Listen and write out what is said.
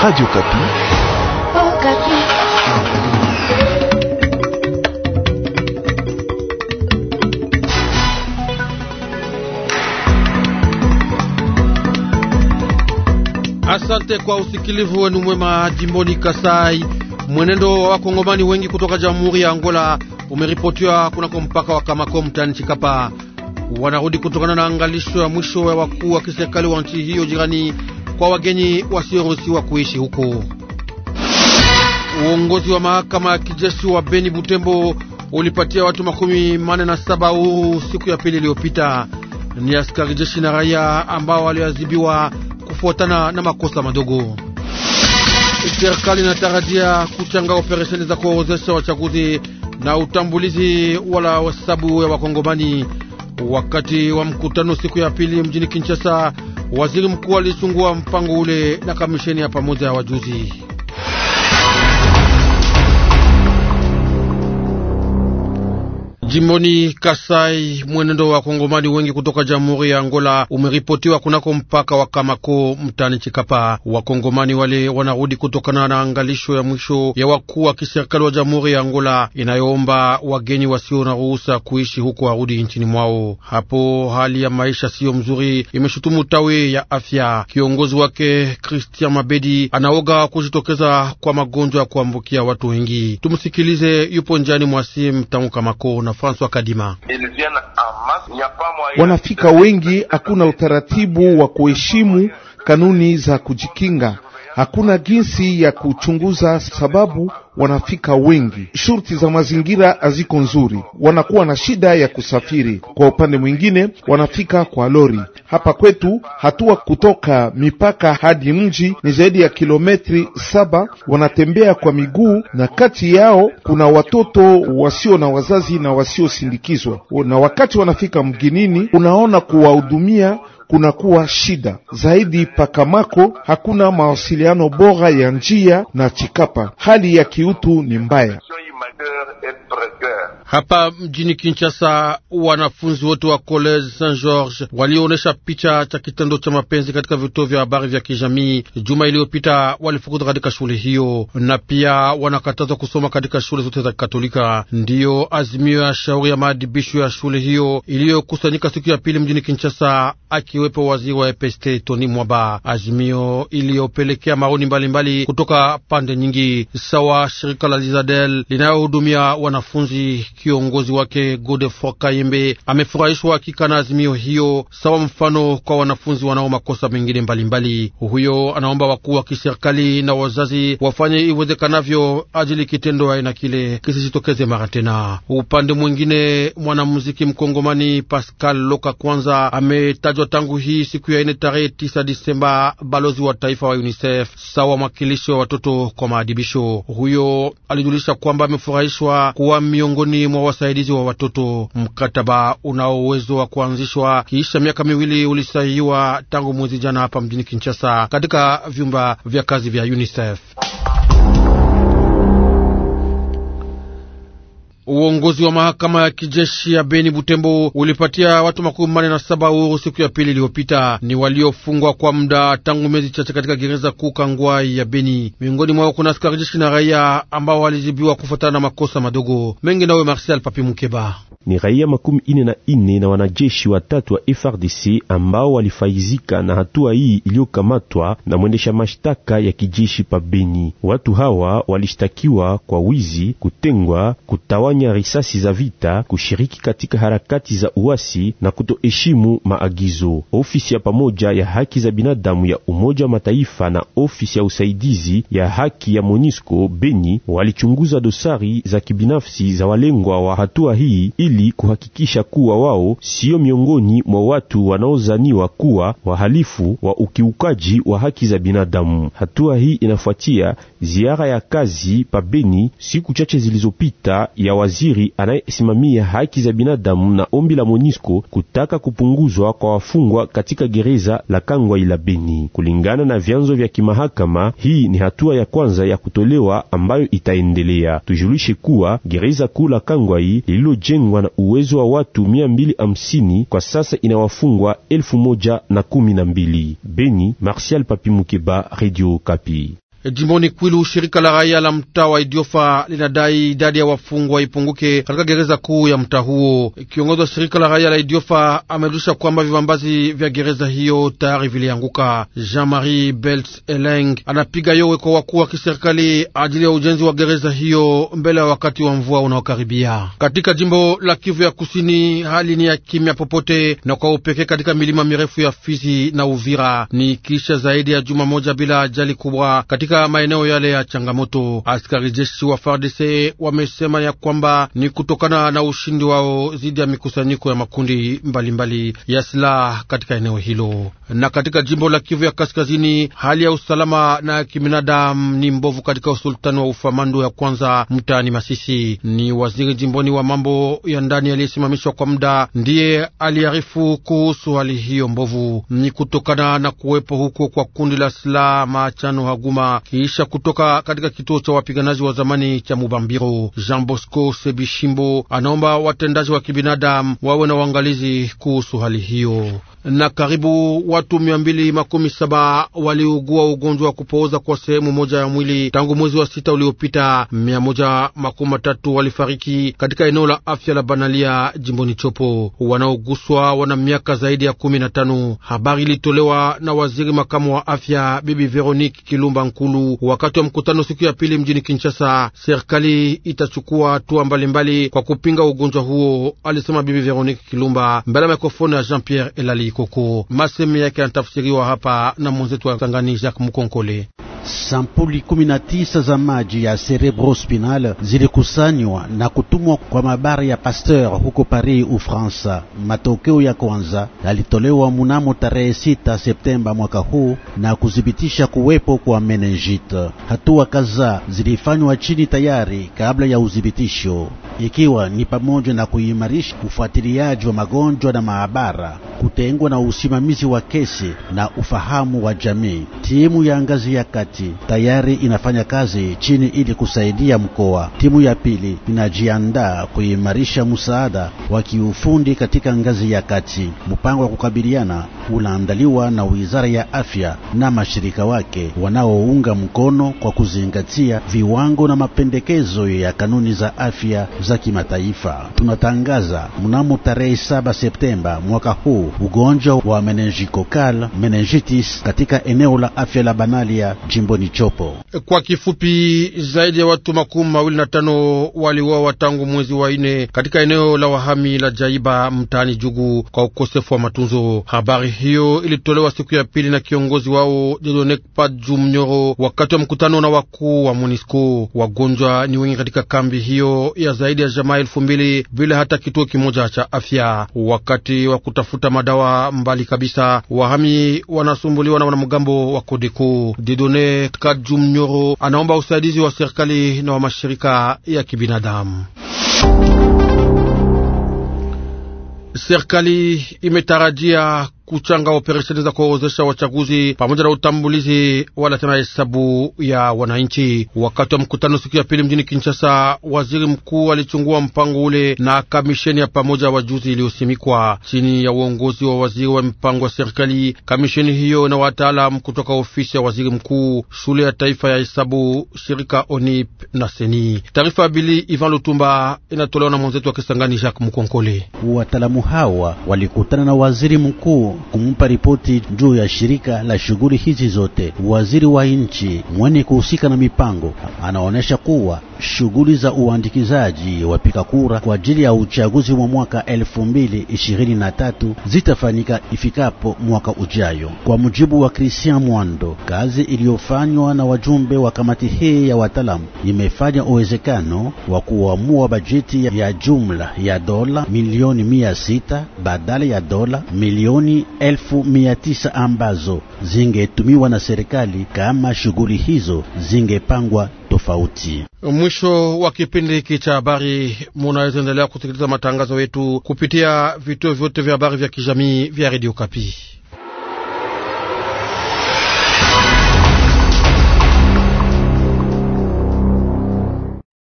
Radio Kapi. Oh, Kapi. Asante kwa usikilivu wenu mwema jimboni Kasai. Mwenendo wa wakongomani wengi kutoka Jamhuri ya Angola umeripotiwa kunako mpaka wa Kamako mtani Chikapa. Wanarudi kutokana na angalisho ya mwisho ya wakuu wa kiserikali wa nchi hiyo jirani kwa wageni wasioruhusiwa kuishi huko. Uongozi wa mahakama ya kijeshi wa Beni Butembo ulipatia watu makumi mane na saba uhuru siku ya pili iliyopita. Ni askari jeshi na raia ambao waliadhibiwa kufuatana na makosa madogo. Serikali inatarajia kuchanga operesheni za kuorozesha wachaguzi na utambulizi wala hesabu ya Wakongomani. Wakati wa mkutano siku ya pili mjini Kinshasa, waziri mkuu alizungua mpango ule na kamisheni ya pamoja ya wajuzi. Jimboni Kasai, mwenendo wa Kongomani wengi kutoka Jamhuri ya Angola umeripotiwa kunako mpaka wa Kamako mtani Chikapa. Wakongomani wale wanarudi kutokana na angalisho ya mwisho ya wakuu wa kiserikali wa Jamhuri ya Angola inayoomba wageni wasio na ruhusa kuishi huko warudi nchini mwao. Hapo hali ya maisha siyo mzuri, imeshutumu tawi ya afya. Kiongozi wake Christian Mabedi anaoga kujitokeza kwa magonjwa ya kuambukia watu wengi. Tumsikilize, yupo njiani mwasim tangu Kamako na Francois Kadima. Wanafika wengi, hakuna utaratibu wa kuheshimu kanuni za kujikinga hakuna jinsi ya kuchunguza, sababu wanafika wengi, shurti za mazingira haziko nzuri, wanakuwa na shida ya kusafiri. Kwa upande mwingine, wanafika kwa lori. Hapa kwetu hatua kutoka mipaka hadi mji ni zaidi ya kilometri saba, wanatembea kwa miguu, na kati yao kuna watoto wasio na wazazi na wasiosindikizwa, na wakati wanafika mginini, unaona kuwahudumia kunakuwa shida zaidi. Pakamako hakuna mawasiliano bora ya njia na Chikapa, hali ya kiutu ni mbaya. Hapa mjini Kinshasa, wanafunzi wote wa College Saint George walioonyesha picha cha kitendo cha mapenzi katika vituo vya habari vya kijamii juma iliyopita walifukuzwa katika shule hiyo, na pia wanakatazwa kusoma katika shule zote za Kikatolika. Ndiyo azimio ya shauri ya maadhibisho ya shule hiyo iliyokusanyika siku ya pili mjini Kinshasa, akiwepo waziri wa EPST Tony Mwaba, azimio iliyopelekea maoni mbalimbali kutoka pande nyingi, sawa shirika la Lizadel linayo anaohudumia wanafunzi. Kiongozi wake Godefroid Kayembe amefurahishwa hakika na azimio hiyo, sawa mfano kwa wanafunzi wanao makosa mengine mbalimbali. Huyo anaomba wakuu wa kiserikali na wazazi wafanye iwezekanavyo ajili kitendo aina kile kisijitokeze mara tena. Upande mwingine, mwanamuziki mkongomani Pascal Loka kwanza ametajwa tangu hii siku ya ine tarehe 9 Disemba balozi wa taifa wa UNICEF sawa mwakilishi wa watoto kwa maadibisho. Huyo alijulisha kwamba kufurahishwa kuwa miongoni mwa wasaidizi wa watoto. Mkataba unao uwezo wa kuanzishwa kisha miaka miwili ulisahihiwa tangu mwezi jana hapa mjini Kinshasa katika vyumba vya kazi vya UNICEF. Uongozi wa mahakama ya kijeshi ya Beni Butembo ulipatia watu makumi mane na saba uhuru siku ya pili iliyopita. Ni waliofungwa kwa muda tangu miezi chache katika gereza kuu Kangwai ya Beni. Miongoni mwao kuna askari jeshi na raia ambao walizibiwa kufuatana na makosa madogo mengi. Nawe Marsial Papi Mukeba ni raia makumi ine na ine na wanajeshi watatu wa FRDC ambao walifaizika na hatua hii iliyokamatwa na mwendesha mashtaka ya kijeshi pa Beni. Watu hawa walishtakiwa kwa wizi, kutengwa, kutawanya kutumia risasi za vita, kushiriki katika harakati za uasi na kutoheshimu maagizo. Ofisi ya pamoja ya haki za binadamu ya Umoja wa Mataifa na ofisi ya usaidizi ya haki ya monisco Beni walichunguza dosari za kibinafsi za walengwa wa hatua hii ili kuhakikisha kuwa wao sio miongoni mwa watu wanaozaniwa kuwa wahalifu wa ukiukaji wa haki za binadamu. Hatua hii inafuatia ziara ya kazi pa Beni siku chache zilizopita ya waziri anayesimamia haki za binadamu na ombi la Monisco kutaka kupunguzwa kwa wafungwa katika gereza la Kangwa ila Beni. Kulingana na vyanzo vya kimahakama, hii ni hatua ya kwanza ya kutolewa ambayo itaendelea. Tujulishe kuwa gereza kuu la Kangwai lililojengwa na uwezo wa watu 250 kwa sasa ina wafungwa 1112. Beni, Martial Papi Mukeba, Radio Kapi. Jimboni Kwilu, shirika la raia la mtaa wa Idiofa linadai idadi ya wafungwa ipunguke katika gereza kuu ya mtaa huo. Kiongozi wa shirika la raia la Idiofa amerudisha kwamba vibambazi vya gereza hiyo tayari vilianguka. Jean-Marie Belt Eleng anapiga yowe kwa wakuu wa kiserikali ajili ya ujenzi wa gereza hiyo mbele ya wakati wa mvua unaokaribia. Katika jimbo la Kivu ya Kusini, hali ni ya kimya popote na kwa upekee katika milima mirefu ya Fizi na Uvira, ni kisha zaidi ya juma moja bila ajali kubwa katika katika maeneo yale ya changamoto, askari jeshi wa FARDC wamesema ya kwamba ni kutokana na ushindi wao dhidi ya mikusanyiko ya makundi mbalimbali ya silaha katika eneo hilo. Na katika jimbo la Kivu ya Kaskazini, hali ya usalama na ya kibinadamu ni mbovu katika usultani wa Ufamando ya kwanza mtaani Masisi. Ni waziri jimboni wa mambo ya ndani aliyesimamishwa kwa muda ndiye aliarifu kuhusu hali hiyo mbovu. Ni kutokana na kuwepo huko kwa kundi la silaha maachano haguma kisha kutoka katika kituo cha wapiganaji wa zamani cha Mubambiro. Jean Bosco Sebishimbo anaomba watendaji wa kibinadamu wawe na uangalizi kuhusu hali hiyo na karibu watu mia mbili makumi saba waliugua ugonjwa wa kupooza kwa sehemu moja ya mwili tangu mwezi wa sita uliopita. Mia moja makumi matatu walifariki katika eneo la afya la Banalia jimboni Chopo. Wanaoguswa wana miaka zaidi ya kumi na tano. Habari ilitolewa na waziri makamu wa afya Bibi Veronique Kilumba Nkulu wakati wa mkutano siku ya pili mjini Kinshasa. Serikali itachukua hatua mbalimbali kwa kupinga ugonjwa huo, alisema Bibi Veronique Kilumba mbele ya mikrofoni ya Jean Pierre Elali. Ikoko. Masemi yake yanatafsiriwa hapa na mwenzetu wa Tangani Jacques Mukonkole. Sampuli kumi na tisa za maji ya cerebro spinal zilikusanywa na kutumwa kwa mabara ya Pasteur huko Paris, Ufaransa. Matokeo ya kwanza yalitolewa munamo tarehe sita Septemba mwaka huu na kuthibitisha kuwepo kwa meningite. Hatua kadhaa zilifanywa chini tayari kabla ya uthibitisho ikiwa ni pamoja na kuimarisha ufuatiliaji wa magonjwa na maabara, kutengwa na usimamizi wa kesi na ufahamu wa jamii. Timu ya ngazi ya kati tayari inafanya kazi chini ili kusaidia mkoa. Timu ya pili inajiandaa kuimarisha msaada wa kiufundi katika ngazi ya kati. Mpango wa kukabiliana unaandaliwa na Wizara ya Afya na mashirika wake wanaounga mkono kwa kuzingatia viwango na mapendekezo ya kanuni za afya za kimataifa. Tunatangaza mnamo tarehe 7 Septemba mwaka huu ugonjwa wa meningococcal meningitis katika eneo la afya la Banalia jimboni Chopo. Kwa kifupi, zaidi ya watu makumi mawili na tano waliuawa tangu mwezi wa ine katika eneo la wahami la Jaiba mtaani Jugu kwa ukosefu wa matunzo. Habari hiyo ilitolewa siku ya pili na kiongozi wao dedone Paju Mnyoro wakati wa mkutano na wakuu wa MONUSCO. Wagonjwa ni wengi katika kambi hiyo ya zaidi ya jamaa elfu mbili bila hata kituo kimoja cha afya. Wakati wa kutafuta madawa mbali kabisa, wahami wanasumbuliwa na wanamgambo wa Kodeko. dedone Paju Mnyoro anaomba usaidizi wa serikali na wa mashirika ya kibinadamu. Serikali imetarajia kuchanga operesheni za kuorozesha wachaguzi pamoja na utambulizi wala tena hesabu ya wananchi. Wakati wa mkutano siku ya pili mjini Kinshasa, waziri mkuu alichungua mpango ule na kamisheni ya pamoja wajuzi iliyosimikwa chini ya uongozi wa waziri wa mpango wa serikali. Kamisheni hiyo na wataalamu kutoka ofisi ya waziri mkuu, shule ya taifa ya hesabu, shirika ONIP na SENI. Taarifa Bili Ivan Lutumba inatolewa na mwenzetu wa Kisangani Jacques Mkonkole. Wataalamu hawa walikutana na waziri mkuu kumpa ripoti juu ya shirika la shughuli hizi zote. Waziri wa nchi mwenye kuhusika na mipango anaonyesha kuwa shughuli za uandikizaji wapiga kura kwa ajili ya uchaguzi wa mwaka 2023 zitafanyika ifikapo mwaka ujayo. Kwa mujibu wa Christian Mwando, kazi iliyofanywa na wajumbe wa kamati hii ya wataalamu imefanya uwezekano wa kuamua bajeti ya jumla ya dola milioni mia sita badala ya dola milioni elfu mia tisa ambazo zingetumiwa na serikali kama shughuli hizo zingepangwa tofauti. Mwisho wa kipindi hiki cha habari, munaweza endelea kusikiliza matangazo yetu kupitia vituo vyote vya habari vya kijamii vya redio Kapi.